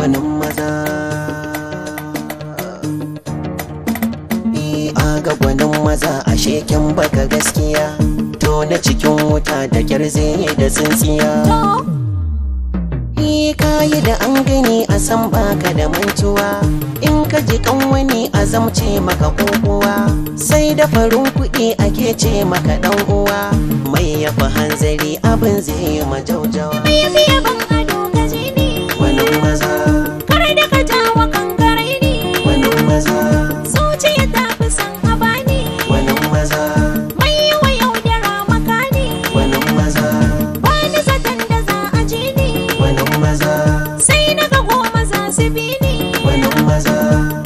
banan maza ga gwanin maza a sheken baka gaskiya to na cikin wuta da gyarze da tsintsiya kayi da an gani a san baka da mantuwa in ka ji kan wani a zamce maka kokowa sai da farin kuɗi ake ce maka ɗan uwa mai yafi hanzari abin zai yi majaujawa maza sai na ga goma za su bi ni wani maza